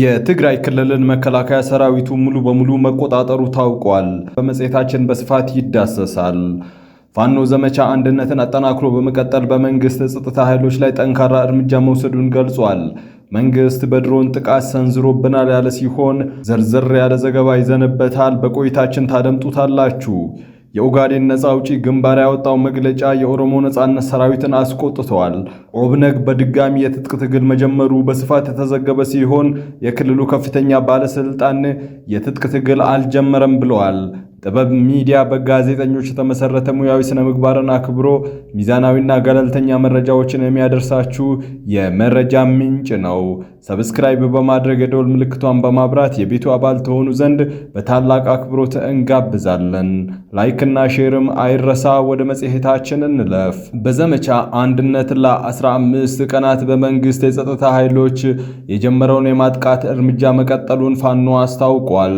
የትግራይ ክልልን መከላከያ ሰራዊቱ ሙሉ በሙሉ መቆጣጠሩ ታውቋል። በመጽሔታችን በስፋት ይዳሰሳል። ፋኖ ዘመቻ አንድነትን አጠናክሮ በመቀጠል በመንግስት ጸጥታ ኃይሎች ላይ ጠንካራ እርምጃ መውሰዱን ገልጿል። መንግስት በድሮን ጥቃት ሰንዝሮብናል ያለ ሲሆን ዘርዘር ያለ ዘገባ ይዘንበታል። በቆይታችን ታደምጡታላችሁ። የኦጋዴን ነፃ አውጪ ግንባር ያወጣው መግለጫ የኦሮሞ ነፃነት ሰራዊትን አስቆጥተዋል። ኦብነግ በድጋሚ የትጥቅ ትግል መጀመሩ በስፋት የተዘገበ ሲሆን የክልሉ ከፍተኛ ባለስልጣን የትጥቅ ትግል አልጀመረም ብለዋል። ጥበብ ሚዲያ በጋዜጠኞች የተመሰረተ ሙያዊ ስነ ምግባርን አክብሮ ሚዛናዊና ገለልተኛ መረጃዎችን የሚያደርሳችሁ የመረጃ ምንጭ ነው። ሰብስክራይብ በማድረግ የደወል ምልክቷን በማብራት የቤቱ አባል ተሆኑ ዘንድ በታላቅ አክብሮት እንጋብዛለን። ላይክና ሼርም አይረሳ። ወደ መጽሔታችን እንለፍ። በዘመቻ አንድነት ለ15 ቀናት በመንግስት የጸጥታ ኃይሎች የጀመረውን የማጥቃት እርምጃ መቀጠሉን ፋኖ አስታውቋል።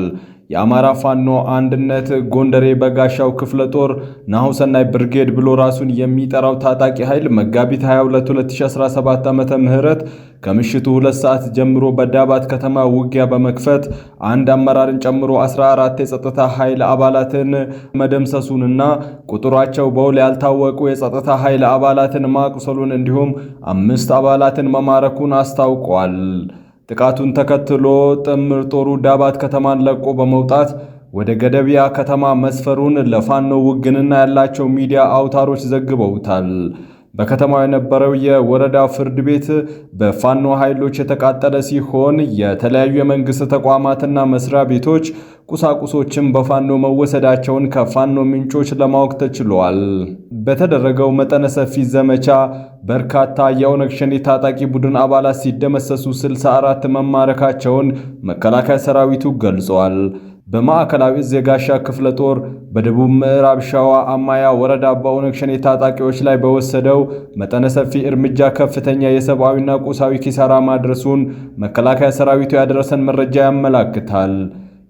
የአማራ ፋኖ አንድነት ጎንደሬ በጋሻው ክፍለ ጦር ናሁሰናይ ብርጌድ ብሎ ራሱን የሚጠራው ታጣቂ ኃይል መጋቢት 22 2017 ዓ ም ከምሽቱ ሁለት ሰዓት ጀምሮ በዳባት ከተማ ውጊያ በመክፈት አንድ አመራርን ጨምሮ 14 የጸጥታ ኃይል አባላትን መደምሰሱንና ቁጥሯቸው በውል ያልታወቁ የጸጥታ ኃይል አባላትን ማቁሰሉን እንዲሁም አምስት አባላትን መማረኩን አስታውቋል። ጥቃቱን ተከትሎ ጥምር ጦሩ ዳባት ከተማን ለቆ በመውጣት ወደ ገደቢያ ከተማ መስፈሩን ለፋኖ ውግንና ያላቸው ሚዲያ አውታሮች ዘግበውታል። በከተማው የነበረው የወረዳ ፍርድ ቤት በፋኖ ኃይሎች የተቃጠለ ሲሆን የተለያዩ የመንግሥት ተቋማትና መስሪያ ቤቶች ቁሳቁሶችን በፋኖ መወሰዳቸውን ከፋኖ ምንጮች ለማወቅ ተችሏል። በተደረገው መጠነ ሰፊ ዘመቻ በርካታ የኦነግ ሸኔ ታጣቂ ቡድን አባላት ሲደመሰሱ 64 መማረካቸውን መከላከያ ሰራዊቱ ገልጿል። በማዕከላዊ እዝ የጋሻ ክፍለ ጦር በደቡብ ምዕራብ ሸዋ አማያ ወረዳ በኦነግ ሸኔ ታጣቂዎች ላይ በወሰደው መጠነ ሰፊ እርምጃ ከፍተኛ የሰብአዊና ቁሳዊ ኪሳራ ማድረሱን መከላከያ ሰራዊቱ ያደረሰን መረጃ ያመላክታል።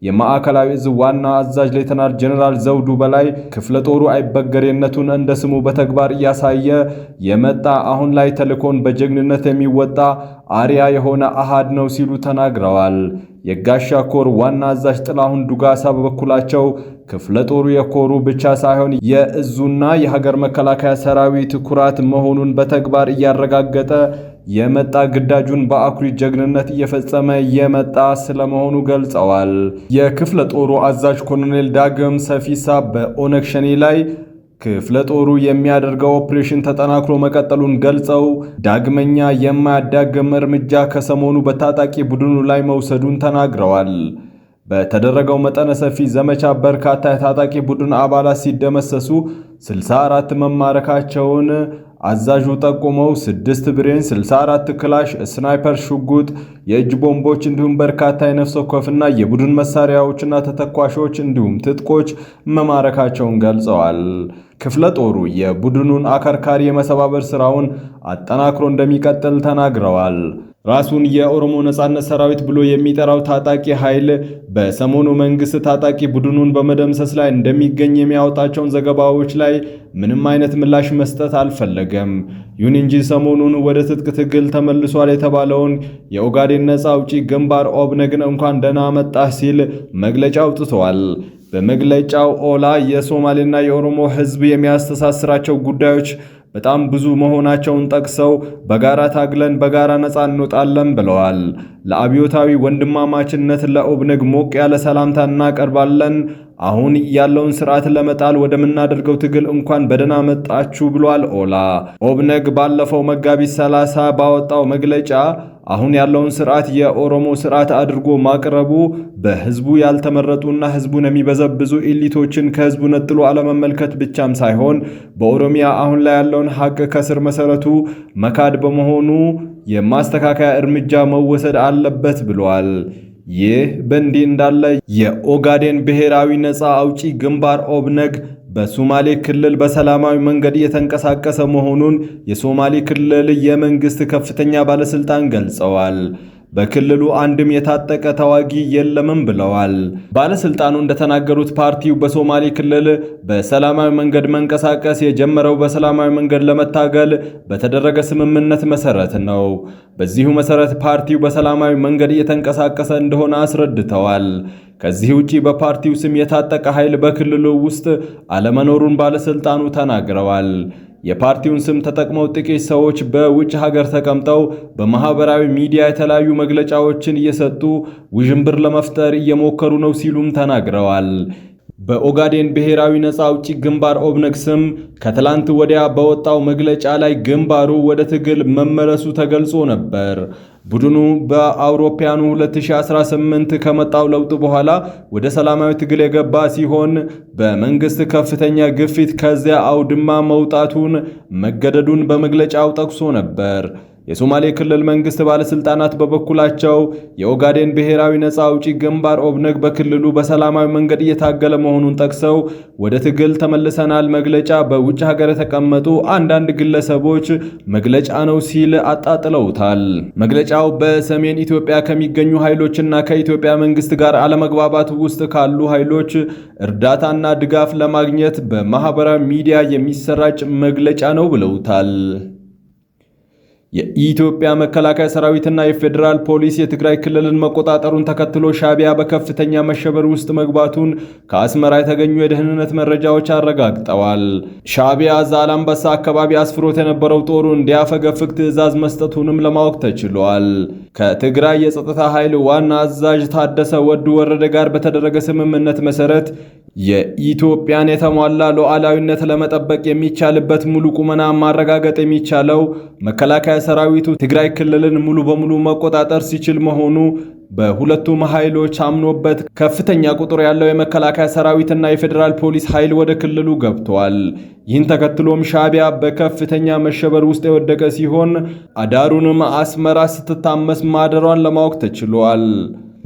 የማዕከላዊ እዝ ዋና አዛዥ ሌተናል ጀኔራል ዘውዱ በላይ ክፍለ ጦሩ አይበገሬነቱን እንደ ስሙ በተግባር እያሳየ የመጣ አሁን ላይ ተልእኮን በጀግንነት የሚወጣ አሪያ የሆነ አሃድ ነው ሲሉ ተናግረዋል። የጋሻ ኮር ዋና አዛዥ ጥላሁን ዱጋሳ በበኩላቸው ክፍለ ጦሩ የኮሩ ብቻ ሳይሆን የእዙና የሀገር መከላከያ ሰራዊት ኩራት መሆኑን በተግባር እያረጋገጠ የመጣ ግዳጁን በአኩሪ ጀግንነት እየፈጸመ የመጣ ስለመሆኑ ገልጸዋል። የክፍለ ጦሩ አዛዥ ኮሎኔል ዳግም ሰፊሳ በኦነግ ሸኔ ላይ ክፍለ ጦሩ የሚያደርገው ኦፕሬሽን ተጠናክሮ መቀጠሉን ገልጸው ዳግመኛ የማያዳግም እርምጃ ከሰሞኑ በታጣቂ ቡድኑ ላይ መውሰዱን ተናግረዋል። በተደረገው መጠነ ሰፊ ዘመቻ በርካታ የታጣቂ ቡድን አባላት ሲደመሰሱ 64 መማረካቸውን አዛዡ ጠቁመው ስድስት ብሬን፣ 64 ክላሽ፣ ስናይፐር፣ ሽጉጥ፣ የእጅ ቦምቦች እንዲሁም በርካታ የነፍስ ወከፍና የቡድን መሳሪያዎችና ተተኳሾች እንዲሁም ትጥቆች መማረካቸውን ገልጸዋል። ክፍለ ጦሩ የቡድኑን አከርካሪ የመሰባበር ስራውን አጠናክሮ እንደሚቀጥል ተናግረዋል። ራሱን የኦሮሞ ነጻነት ሰራዊት ብሎ የሚጠራው ታጣቂ ኃይል በሰሞኑ መንግስት ታጣቂ ቡድኑን በመደምሰስ ላይ እንደሚገኝ የሚያወጣቸውን ዘገባዎች ላይ ምንም አይነት ምላሽ መስጠት አልፈለገም። ይሁን እንጂ ሰሞኑን ወደ ትጥቅ ትግል ተመልሷል የተባለውን የኦጋዴን ነጻ አውጪ ግንባር ኦብነግን እንኳን ደህና መጣህ ሲል መግለጫ አውጥተዋል። በመግለጫው ኦላ የሶማሌና የኦሮሞ ህዝብ የሚያስተሳስራቸው ጉዳዮች በጣም ብዙ መሆናቸውን ጠቅሰው በጋራ ታግለን በጋራ ነፃ እንወጣለን ብለዋል። ለአብዮታዊ ወንድማማችነት ለኦብነግ ሞቅ ያለ ሰላምታ እናቀርባለን። አሁን ያለውን ስርዓት ለመጣል ወደምናደርገው ትግል እንኳን በደህና መጣችሁ ብሏል ኦላ። ኦብነግ ባለፈው መጋቢት 30 ባወጣው መግለጫ አሁን ያለውን ስርዓት የኦሮሞ ስርዓት አድርጎ ማቅረቡ በህዝቡ ያልተመረጡና ህዝቡን የሚበዘብዙ ኢሊቶችን ከህዝቡ ነጥሎ አለመመልከት ብቻም ሳይሆን በኦሮሚያ አሁን ላይ ያለውን ሀቅ ከስር መሰረቱ መካድ በመሆኑ የማስተካከያ እርምጃ መወሰድ አለበት ብሏል። ይህ በእንዲህ እንዳለ የኦጋዴን ብሔራዊ ነፃ አውጪ ግንባር ኦብነግ በሶማሌ ክልል በሰላማዊ መንገድ እየተንቀሳቀሰ መሆኑን የሶማሌ ክልል የመንግስት ከፍተኛ ባለስልጣን ገልጸዋል። በክልሉ አንድም የታጠቀ ተዋጊ የለምም ብለዋል። ባለስልጣኑ እንደተናገሩት ፓርቲው በሶማሌ ክልል በሰላማዊ መንገድ መንቀሳቀስ የጀመረው በሰላማዊ መንገድ ለመታገል በተደረገ ስምምነት መሰረት ነው። በዚሁ መሰረት ፓርቲው በሰላማዊ መንገድ እየተንቀሳቀሰ እንደሆነ አስረድተዋል። ከዚህ ውጪ በፓርቲው ስም የታጠቀ ኃይል በክልሉ ውስጥ አለመኖሩን ባለስልጣኑ ተናግረዋል። የፓርቲውን ስም ተጠቅመው ጥቂት ሰዎች በውጭ ሀገር ተቀምጠው በማህበራዊ ሚዲያ የተለያዩ መግለጫዎችን እየሰጡ ውዥንብር ለመፍጠር እየሞከሩ ነው ሲሉም ተናግረዋል። በኦጋዴን ብሔራዊ ነፃ አውጪ ግንባር ኦብነግ ስም ከትላንት ወዲያ በወጣው መግለጫ ላይ ግንባሩ ወደ ትግል መመለሱ ተገልጾ ነበር። ቡድኑ በአውሮፓያኑ 2018 ከመጣው ለውጥ በኋላ ወደ ሰላማዊ ትግል የገባ ሲሆን በመንግስት ከፍተኛ ግፊት ከዚያ አውድማ መውጣቱን መገደዱን በመግለጫው ጠቅሶ ነበር። የሶማሌ ክልል መንግስት ባለስልጣናት በበኩላቸው የኦጋዴን ብሔራዊ ነፃ አውጪ ግንባር ኦብነግ በክልሉ በሰላማዊ መንገድ እየታገለ መሆኑን ጠቅሰው ወደ ትግል ተመልሰናል መግለጫ በውጭ ሀገር የተቀመጡ አንዳንድ ግለሰቦች መግለጫ ነው ሲል አጣጥለውታል። መግለጫው በሰሜን ኢትዮጵያ ከሚገኙ ኃይሎችና ከኢትዮጵያ መንግስት ጋር አለመግባባት ውስጥ ካሉ ኃይሎች እርዳታና ድጋፍ ለማግኘት በማህበራዊ ሚዲያ የሚሰራጭ መግለጫ ነው ብለውታል። የኢትዮጵያ መከላከያ ሰራዊትና የፌዴራል ፖሊስ የትግራይ ክልልን መቆጣጠሩን ተከትሎ ሻቢያ በከፍተኛ መሸበር ውስጥ መግባቱን ከአስመራ የተገኙ የደህንነት መረጃዎች አረጋግጠዋል። ሻቢያ ዛላምበሳ አካባቢ አስፍሮት የነበረው ጦሩ እንዲያፈገፍግ ትዕዛዝ መስጠቱንም ለማወቅ ተችሏል። ከትግራይ የጸጥታ ኃይል ዋና አዛዥ ታደሰ ወዱ ወረደ ጋር በተደረገ ስምምነት መሰረት የኢትዮጵያን የተሟላ ሉዓላዊነት ለመጠበቅ የሚቻልበት ሙሉ ቁመና ማረጋገጥ የሚቻለው መከላከያ ሰራዊቱ ትግራይ ክልልን ሙሉ በሙሉ መቆጣጠር ሲችል መሆኑ በሁለቱም ኃይሎች አምኖበት ከፍተኛ ቁጥር ያለው የመከላከያ ሰራዊትና የፌዴራል ፖሊስ ኃይል ወደ ክልሉ ገብተዋል። ይህን ተከትሎም ሻቢያ በከፍተኛ መሸበር ውስጥ የወደቀ ሲሆን አዳሩንም አስመራ ስትታመስ ማደሯን ለማወቅ ተችሏል።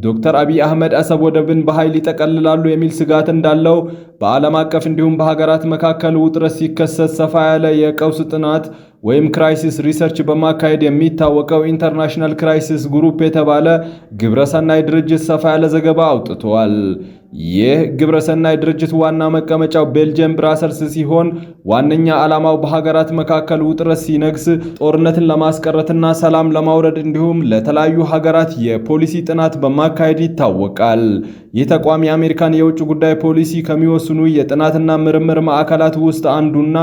ዶክተር አብይ አህመድ አሰብ ወደብን በኃይል ይጠቀልላሉ የሚል ስጋት እንዳለው በዓለም አቀፍ እንዲሁም በሀገራት መካከል ውጥረት ሲከሰት ሰፋ ያለ የቀውስ ጥናት ወይም ክራይሲስ ሪሰርች በማካሄድ የሚታወቀው ኢንተርናሽናል ክራይሲስ ግሩፕ የተባለ ግብረሰናይ ድርጅት ሰፋ ያለ ዘገባ አውጥቷል። ይህ ግብረሰናይ ድርጅት ዋና መቀመጫው ቤልጅየም ብራሰልስ ሲሆን ዋነኛ ዓላማው በሀገራት መካከል ውጥረት ሲነግስ ጦርነትን ለማስቀረትና ሰላም ለማውረድ እንዲሁም ለተለያዩ ሀገራት የፖሊሲ ጥናት በማካሄድ ይታወቃል። ይህ ተቋም የአሜሪካን የውጭ ጉዳይ ፖሊሲ ከሚወስኑ የጥናትና ምርምር ማዕከላት ውስጥ አንዱና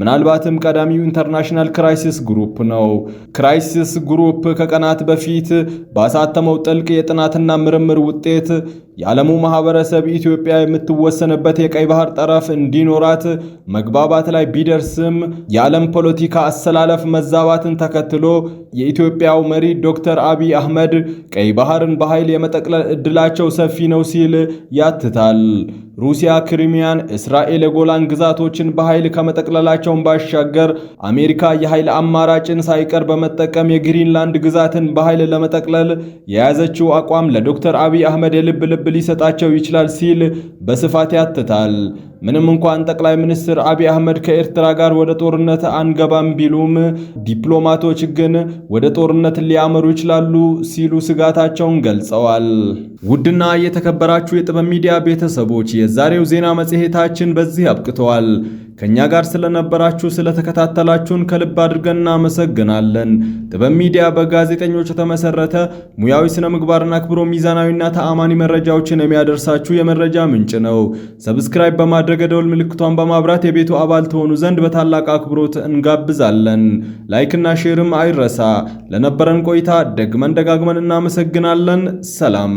ምናልባትም ቀዳሚው ኢንተርናሽናል ክራይሲስ ግሩፕ ነው። ክራይሲስ ግሩፕ ከቀናት በፊት ባሳተመው ጥልቅ የጥናትና ምርምር ውጤት የዓለሙ ማህበረሰብ ኢትዮጵያ የምትወሰንበት የቀይ ባህር ጠረፍ እንዲኖራት መግባባት ላይ ቢደርስም የዓለም ፖለቲካ አሰላለፍ መዛባትን ተከትሎ የኢትዮጵያው መሪ ዶክተር አብይ አህመድ ቀይ ባህርን በኃይል የመጠቅለል ዕድላቸው ሰፊ ነው ሲል ያትታል። ሩሲያ ክሪሚያን፣ እስራኤል የጎላን ግዛቶችን በኃይል ከመጠቅለላቸውን ባሻገር አሜሪካ የኃይል አማራጭን ሳይቀር በመጠቀም የግሪንላንድ ግዛትን በኃይል ለመጠቅለል የያዘችው አቋም ለዶክተር አብይ አህመድ የልብ ልብ ሊሰጣቸው ይችላል ሲል በስፋት ያትታል። ምንም እንኳን ጠቅላይ ሚኒስትር አብይ አህመድ ከኤርትራ ጋር ወደ ጦርነት አንገባም ቢሉም ዲፕሎማቶች ግን ወደ ጦርነት ሊያመሩ ይችላሉ ሲሉ ስጋታቸውን ገልጸዋል። ውድና የተከበራችሁ የጥበብ ሚዲያ ቤተሰቦች የዛሬው ዜና መጽሔታችን በዚህ አብቅተዋል። ከእኛ ጋር ስለነበራችሁ ስለተከታተላችሁን ከልብ አድርገን እናመሰግናለን። ጥበብ ሚዲያ በጋዜጠኞች የተመሰረተ ሙያዊ ስነ ምግባርን አክብሮ ሚዛናዊና ተአማኒ መረጃዎችን የሚያደርሳችሁ የመረጃ ምንጭ ነው። ሰብስክራይብ በማድረግ ደውል ምልክቷን በማብራት የቤቱ አባል ትሆኑ ዘንድ በታላቅ አክብሮት እንጋብዛለን። ላይክና ሼርም አይረሳ። ለነበረን ቆይታ ደግመን ደጋግመን እናመሰግናለን። ሰላም